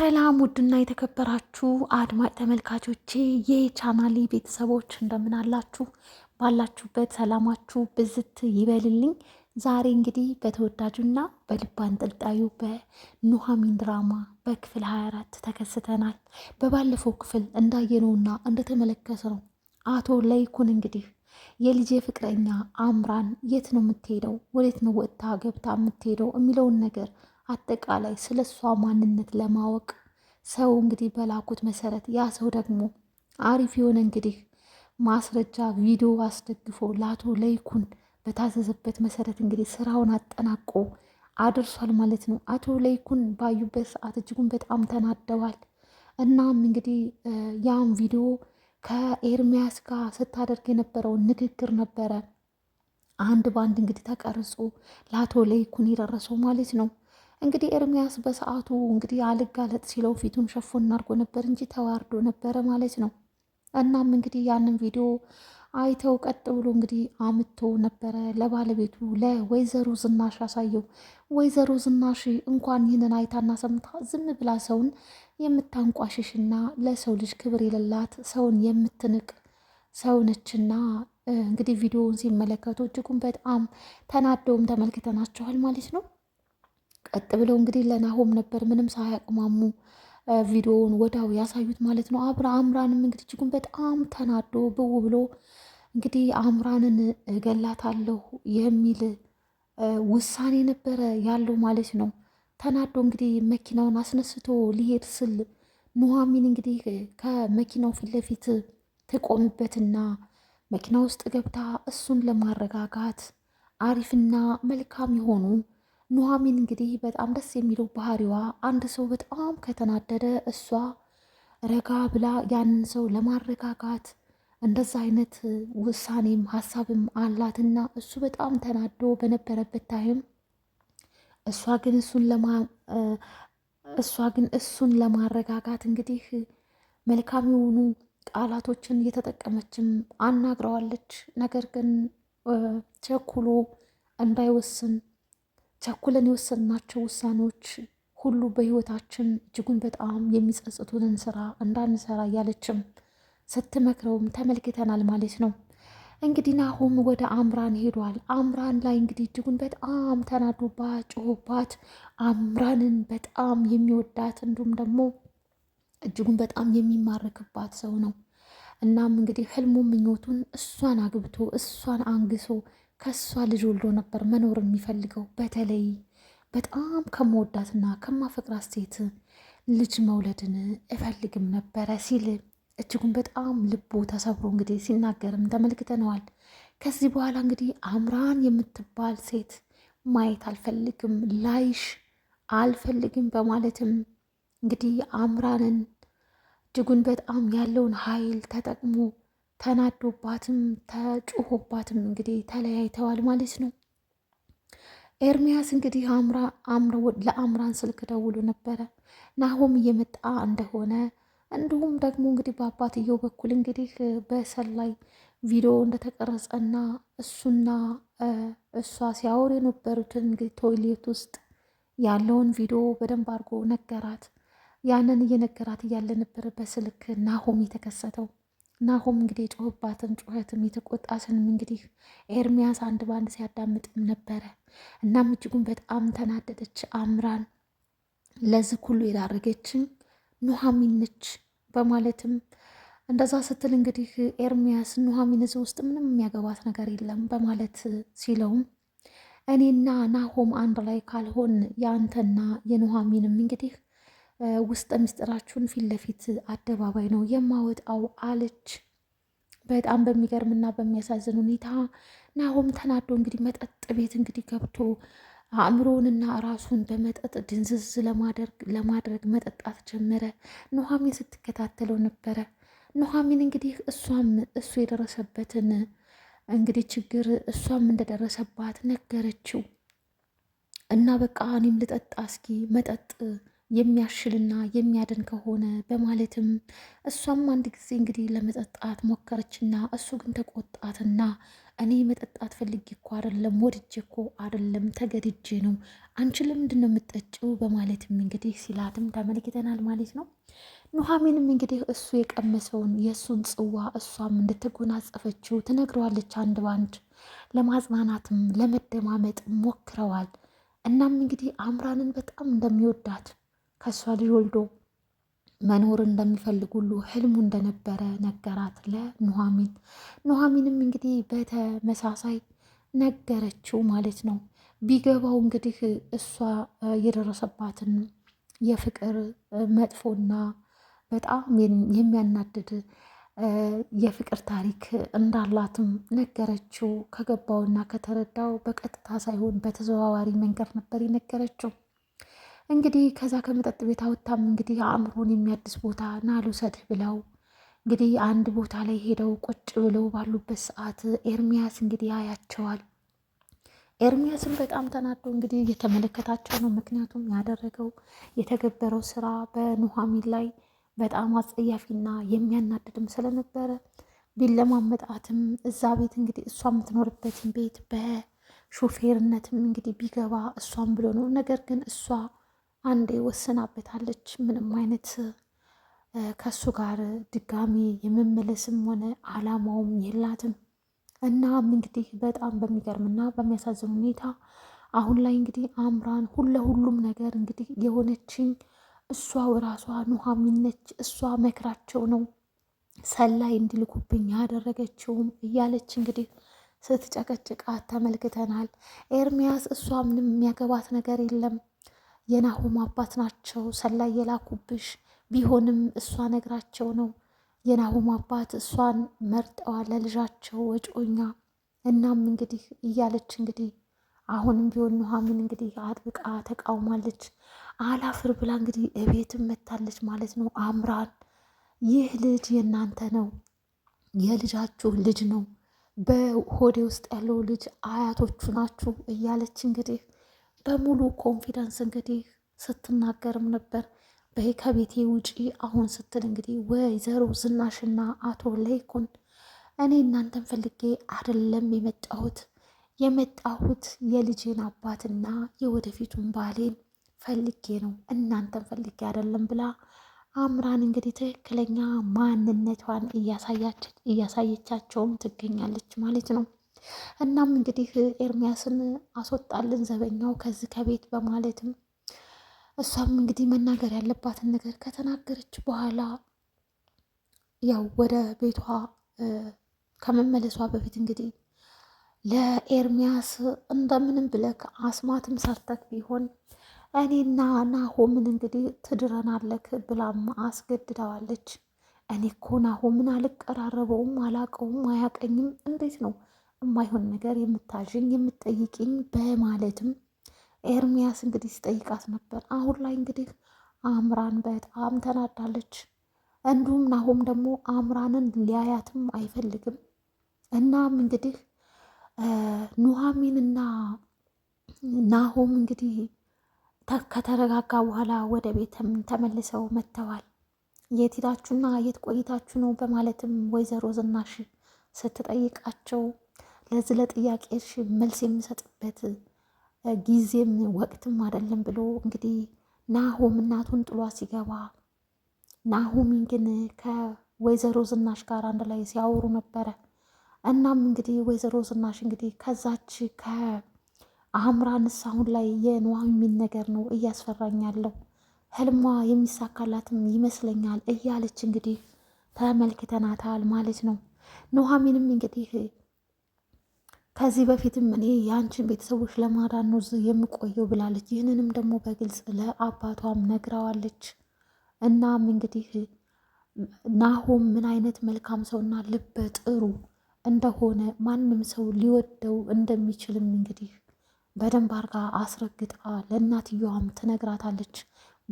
ሰላም ውድና የተከበራችሁ አድማጭ ተመልካቾቼ የቻናሌ ቤተሰቦች እንደምን አላችሁ? ባላችሁበት ሰላማችሁ ብዝት ይበልልኝ። ዛሬ እንግዲህ በተወዳጁና በልብ አንጠልጣዩ በኑሐሚን ድራማ በክፍል 24 ተከስተናል። በባለፈው ክፍል እንዳየነውና እንደተመለከትነው አቶ ለይኩን እንግዲህ የልጄ ፍቅረኛ አምራን የት ነው የምትሄደው? ወዴት ነው ወጥታ ገብታ የምትሄደው? የሚለውን ነገር አጠቃላይ ስለ እሷ ማንነት ለማወቅ ሰው እንግዲህ በላኩት መሰረት ያ ሰው ደግሞ አሪፍ የሆነ እንግዲህ ማስረጃ ቪዲዮ አስደግፎ ለአቶ ለይኩን በታዘዘበት መሰረት እንግዲህ ስራውን አጠናቆ አድርሷል ማለት ነው። አቶ ለይኩን ባዩበት ሰዓት እጅጉን በጣም ተናደዋል። እናም እንግዲህ ያም ቪዲዮ ከኤርሚያስ ጋር ስታደርግ የነበረውን ንግግር ነበረ አንድ በአንድ እንግዲህ ተቀርጾ ለአቶ ለይኩን የደረሰው ማለት ነው። እንግዲህ ኤርሚያስ በሰዓቱ እንግዲህ አልጋለጥ ሲለው ፊቱን ሸፎን አድርጎ ነበር እንጂ ተዋርዶ ነበረ ማለት ነው። እናም እንግዲህ ያንን ቪዲዮ አይተው ቀጥ ብሎ እንግዲህ አምቶ ነበረ ለባለቤቱ ለወይዘሮ ዝናሽ አሳየው። ወይዘሮ ዝናሽ እንኳን ይህንን አይታና ሰምታ ዝም ብላ ሰውን የምታንቋሽሽና ለሰው ልጅ ክብር የሌላት ሰውን የምትንቅ ሰውነችና እንግዲህ ቪዲዮውን ሲመለከቱ እጅጉን በጣም ተናደውም ተመልክተናቸዋል ማለት ነው። ቀጥ ብለው እንግዲህ ለናሆም ነበር ምንም ሳያቅማሙ ቪዲዮውን ወዳው ያሳዩት ማለት ነው። አብረ አምራንም እንግዲህ እጅጉን በጣም ተናዶ ብው ብሎ እንግዲህ አምራንን እገላታለሁ የሚል ውሳኔ ነበረ ያለው ማለት ነው። ተናዶ እንግዲህ መኪናውን አስነስቶ ሊሄድ ስል ኑሐሚን እንግዲህ ከመኪናው ፊት ለፊት ትቆምበትና መኪና ውስጥ ገብታ እሱን ለማረጋጋት አሪፍና መልካም የሆኑ ኑሐሚን እንግዲህ በጣም ደስ የሚለው ባህሪዋ አንድ ሰው በጣም ከተናደደ እሷ ረጋ ብላ ያንን ሰው ለማረጋጋት እንደዛ አይነት ውሳኔም ሀሳብም አላትና እሱ በጣም ተናዶ በነበረበት ታይም እሷ ግን እሱን ለማ እሷ ግን እሱን ለማረጋጋት እንግዲህ መልካም የሆኑ ቃላቶችን እየተጠቀመችም አናግረዋለች። ነገር ግን ቸኩሎ እንዳይወስን ቸኩለን የወሰንናቸው ውሳኔዎች ሁሉ በህይወታችን እጅጉን በጣም የሚጸጽቱንን ስራ እንዳንሰራ እያለችም ስትመክረውም ተመልክተናል ማለት ነው። እንግዲህ ናሆም ወደ አምራን ሄዷል። አምራን ላይ እንግዲህ እጅጉን በጣም ተናዶባት ጮሆባት፣ አምራንን በጣም የሚወዳት እንዲሁም ደግሞ እጅጉን በጣም የሚማርክባት ሰው ነው። እናም እንግዲህ ህልሙ ምኞቱን እሷን አግብቶ እሷን አንግሶ ከእሷ ልጅ ወልዶ ነበር መኖር የሚፈልገው። በተለይ በጣም ከመወዳትና ከማፈቅር ሴት ልጅ መውለድን እፈልግም ነበረ ሲል እጅጉን በጣም ልቡ ተሰብሮ እንግዲህ ሲናገርም ተመልክተነዋል። ከዚህ በኋላ እንግዲህ አምራን የምትባል ሴት ማየት አልፈልግም፣ ላይሽ አልፈልግም በማለትም እንግዲህ አምራንን እጅጉን በጣም ያለውን ኃይል ተጠቅሞ ተናዶባትም ተጩሆባትም እንግዲህ ተለያይተዋል ማለት ነው። ኤርሚያስ እንግዲህ ለአምራን ስልክ ደውሎ ነበረ ናሆም እየመጣ እንደሆነ እንዲሁም ደግሞ እንግዲህ በአባትየው በኩል እንግዲህ በሰላይ ቪዲዮ እንደተቀረጸና እሱና እሷ ሲያወሩ የነበሩትን እንግዲህ ቶይሌት ውስጥ ያለውን ቪዲዮ በደንብ አድርጎ ነገራት። ያንን እየነገራት እያለ ነበር በስልክ ናሆም የተከሰተው። ናሆም እንግዲህ የጮህባትን ጩኸትም የተቆጣትንም እንግዲህ ኤርሚያስ አንድ በአንድ ሲያዳምጥም ነበረ። እናም እጅጉን በጣም ተናደደች። አምራን ለዚህ ሁሉ የዳረገችን ኑሐሚን ነች በማለትም እንደዛ ስትል እንግዲህ ኤርሚያስ ኑሐሚን እዚህ ውስጥ ምንም የሚያገባት ነገር የለም በማለት ሲለውም እኔና ናሆም አንድ ላይ ካልሆን የአንተና የኑሐሚንም እንግዲህ ውስጥ ምስጢራችሁን ፊት ለፊት አደባባይ ነው የማወጣው አለች። በጣም በሚገርም እና በሚያሳዝን ሁኔታ ናሆም ተናዶ እንግዲህ መጠጥ ቤት እንግዲህ ገብቶ አእምሮውንና ራሱን በመጠጥ ድንዝዝ ለማድረግ መጠጣት ጀመረ። ኑሐሚን ስትከታተለው ነበረ። ኑሐሚን እንግዲህ እሷም እሱ የደረሰበትን እንግዲህ ችግር እሷም እንደደረሰባት ነገረችው እና በቃ እኔም ልጠጣ እስኪ መጠጥ የሚያሽልና የሚያድን ከሆነ በማለትም እሷም አንድ ጊዜ እንግዲህ ለመጠጣት ሞከረችና እሱ ግን ተቆጣትና እኔ መጠጣት ፈልጌ እኮ አደለም ወድጄ እኮ አደለም ተገድጄ ነው አንቺ ለምንድን ነው የምጠጪው በማለትም እንግዲህ ሲላትም ተመልክተናል ማለት ነው። ኑሐሚንም እንግዲህ እሱ የቀመሰውን የእሱን ጽዋ እሷም እንደተጎናጸፈችው ትነግረዋለች። አንድ ባንድ ለማጽናናትም ለመደማመጥ ሞክረዋል። እናም እንግዲህ አምራንን በጣም እንደሚወዳት ከእሷ ልጅ ወልዶ መኖር እንደሚፈልግ ሁሉ ህልሙ እንደነበረ ነገራት ለኑሐሚን። ኑሐሚንም እንግዲህ በተመሳሳይ ነገረችው ማለት ነው። ቢገባው እንግዲህ እሷ የደረሰባትን የፍቅር መጥፎና በጣም የሚያናድድ የፍቅር ታሪክ እንዳላትም ነገረችው። ከገባውና ከተረዳው በቀጥታ ሳይሆን በተዘዋዋሪ መንገድ ነበር የነገረችው። እንግዲህ ከዛ ከመጠጥ ቤት አወጣም እንግዲህ አእምሮን የሚያድስ ቦታ ና ልውሰድህ ብለው እንግዲህ አንድ ቦታ ላይ ሄደው ቁጭ ብለው ባሉበት ሰዓት ኤርሚያስ እንግዲህ ያያቸዋል። ኤርሚያስን በጣም ተናዶ እንግዲህ እየተመለከታቸው ነው። ምክንያቱም ያደረገው የተገበረው ስራ በኑሐሚን ላይ በጣም አጸያፊና የሚያናድድም ስለነበረ ቢለማመጣትም እዛ ቤት እንግዲህ እሷ የምትኖርበትን ቤት በሾፌርነትም እንግዲህ ቢገባ እሷም ብሎ ነው። ነገር ግን እሷ አንዴ ወስናበታለች ምንም አይነት ከእሱ ጋር ድጋሚ የመመለስም ሆነ አላማውም የላትም። እናም እንግዲህ በጣም በሚገርምና በሚያሳዝን ሁኔታ አሁን ላይ እንግዲህ አምራን ሁለ ሁሉም ነገር እንግዲህ የሆነችኝ እሷ ራሷ ኑሐሚን ነች። እሷ መክራቸው ነው ሰላይ እንዲልኩብኝ ያደረገችውም እያለች እንግዲህ ስትጨቀጭቃት ተመልክተናል። ኤርሚያስ እሷ ምንም የሚያገባት ነገር የለም የናሆም አባት ናቸው ሰላይ የላኩብሽ ቢሆንም እሷ ነግራቸው ነው። የናሆም አባት እሷን መርጠዋል ለልጃቸው ወጮኛ። እናም እንግዲህ እያለች እንግዲህ አሁንም ቢሆን ኑሐሚን እንግዲህ አጥብቃ ተቃውማለች። አላፍር ብላ እንግዲህ እቤትም መታለች ማለት ነው። አምራን ይህ ልጅ የእናንተ ነው፣ የልጃችሁ ልጅ ነው፣ በሆዴ ውስጥ ያለው ልጅ አያቶቹ ናችሁ እያለች እንግዲህ በሙሉ ኮንፊደንስ እንግዲህ ስትናገርም ነበር። በይ ከቤቴ ውጪ አሁን ስትል እንግዲህ ወይዘሮ ዝናሽና አቶ ለይኩን እኔ እናንተን ፈልጌ አይደለም የመጣሁት የመጣሁት የልጄን አባትና የወደፊቱን ባሌን ፈልጌ ነው እናንተን ፈልጌ አይደለም ብላ አምራን እንግዲህ ትክክለኛ ማንነቷን እያሳየቻቸውም ትገኛለች ማለት ነው። እናም እንግዲህ ኤርሚያስን አስወጣልን ዘበኛው ከዚህ ከቤት በማለትም እሷም እንግዲህ መናገር ያለባትን ነገር ከተናገረች በኋላ ያው ወደ ቤቷ ከመመለሷ በፊት እንግዲህ ለኤርሚያስ እንደምንም ብለክ አስማትም ሰርተክ ቢሆን እኔና ናሆምን እንግዲህ ትድረናለክ ብላም አስገድዳዋለች። እኔ እኮ ናሆምን አልቀራረበውም፣ አላቀውም፣ አያቀኝም እንዴት ነው የማይሆን ነገር የምታዥኝ የምትጠይቅኝ በማለትም ኤርሚያስ እንግዲህ ሲጠይቃት ነበር። አሁን ላይ እንግዲህ አምራን በጣም ተናዳለች። እንዲሁም ናሆም ደግሞ አምራንን ሊያያትም አይፈልግም። እናም እንግዲህ ኑሐሚንና ናሆም እንግዲህ ከተረጋጋ በኋላ ወደ ቤት ተመልሰው መጥተዋል። የት ሄዳችሁና የት ቆይታችሁ ነው በማለትም ወይዘሮ ዝናሽ ስትጠይቃቸው ለዚህ ለጥያቄሽ መልስ የምሰጥበት ጊዜም ወቅትም አይደለም ብሎ እንግዲህ ናሆም እናቱን ጥሏ ሲገባ ናሆሚን ግን ከወይዘሮ ዝናሽ ጋር አንድ ላይ ሲያወሩ ነበረ። እናም እንግዲህ ወይዘሮ ዝናሽ እንግዲህ ከዛች ከአምራንስ አሁን ላይ የኑሐሚን ነገር ነው እያስፈራኝ ያለው ህልሟ የሚሳካላትም ይመስለኛል እያለች እንግዲህ ተመልክተናታል ማለት ነው። ኑሐሚንም እንግዲህ ከዚህ በፊትም እኔ የአንቺን ቤተሰቦች ለማዳን ነው የምቆየው ብላለች። ይህንንም ደግሞ በግልጽ ለአባቷም ነግራዋለች። እናም እንግዲህ ናሆም ምን አይነት መልካም ሰውና ልበ ጥሩ እንደሆነ ማንም ሰው ሊወደው እንደሚችልም እንግዲህ በደንብ አርጋ አስረግጣ ለእናትየዋም ትነግራታለች።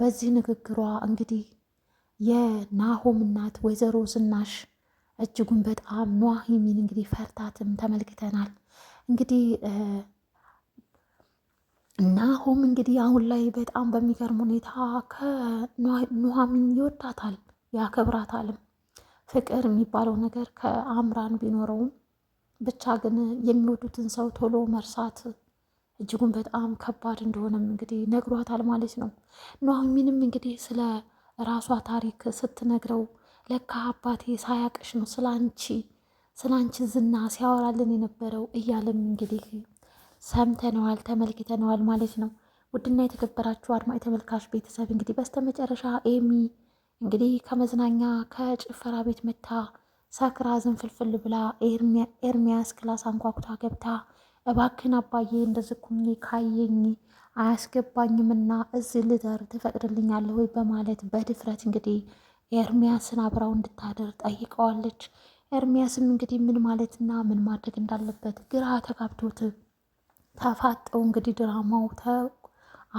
በዚህ ንግግሯ እንግዲህ የናሆም እናት ወይዘሮ ዝናሽ እጅጉን በጣም ኑሐሚንን እንግዲህ ፈርታትም ተመልክተናል። እንግዲህ ናሆም እንግዲህ አሁን ላይ በጣም በሚገርም ሁኔታ ከኑሐሚን ይወዳታል ያከብራታልም። ፍቅር የሚባለው ነገር ከአምራን ቢኖረውም ብቻ ግን የሚወዱትን ሰው ቶሎ መርሳት እጅጉን በጣም ከባድ እንደሆነም እንግዲህ ነግሯታል ማለት ነው። ኑሐሚንም እንግዲህ ስለ ራሷ ታሪክ ስትነግረው ለካ አባቴ ሳያቅሽ ነው ስለ አንቺ ስለ አንቺ ዝና ሲያወራልን የነበረው እያለም እንግዲህ ሰምተነዋል፣ ተመልክተነዋል ማለት ነው። ውድና የተከበራችሁ አድማ የተመልካች ቤተሰብ እንግዲህ በስተመጨረሻ ኤሚ እንግዲህ ከመዝናኛ ከጭፈራ ቤት መታ ሰክራ ዝንፍልፍል ብላ ኤርሚያስ ክላስ አንኳኩታ ገብታ እባክን አባዬ እንደዚህ ካየኝ አያስገባኝምና እዚህ ልደር ትፈቅድልኛለህ ወይ በማለት በድፍረት እንግዲህ ኤርሚያስን አብራው እንድታደር ጠይቀዋለች። ኤርሚያስም እንግዲህ ምን ማለትና ምን ማድረግ እንዳለበት ግራ ተጋብቶት ተፋጠው እንግዲህ ድራማው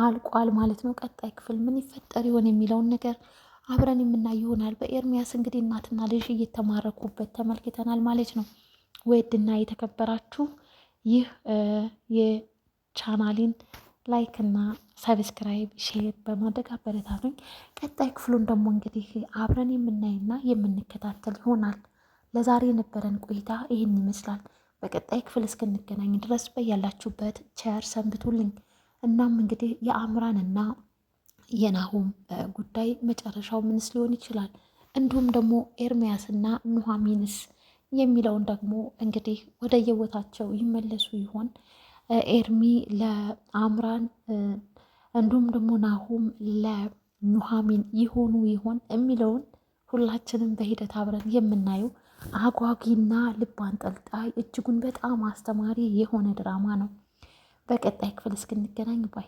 አልቋል ማለት ነው። ቀጣይ ክፍል ምን ይፈጠር ይሆን የሚለውን ነገር አብረን የምናይ ይሆናል። በኤርሚያስ እንግዲህ እናትና ልጅ እየተማረኩበት ተመልክተናል ማለት ነው። ወድና የተከበራችሁ ይህ የቻናሊን ላይክ እና ሰብስክራይብ ሼር በማድረግ አበረታቱኝ። ቀጣይ ክፍሉን ደግሞ እንግዲህ አብረን የምናይና የምንከታተል ይሆናል። ለዛሬ የነበረን ቆይታ ይህን ይመስላል። በቀጣይ ክፍል እስክንገናኝ ድረስ በያላችሁበት ቸር ሰንብቱልኝ። እናም እንግዲህ የአምራንና የናሁም ጉዳይ መጨረሻው ምንስ ሊሆን ይችላል እንዲሁም ደግሞ ኤርሚያስና ኑሐሚንስ የሚለውን ደግሞ እንግዲህ ወደ የቦታቸው ይመለሱ ይሆን? ኤርሚ ለአምራን እንዲሁም ደግሞ ናሁም ለኑሐሚን ይሆኑ ይሆን የሚለውን ሁላችንም በሂደት አብረን የምናየው አጓጊና ልብ አንጠልጣይ እጅጉን በጣም አስተማሪ የሆነ ድራማ ነው። በቀጣይ ክፍል እስክንገናኝ ባይ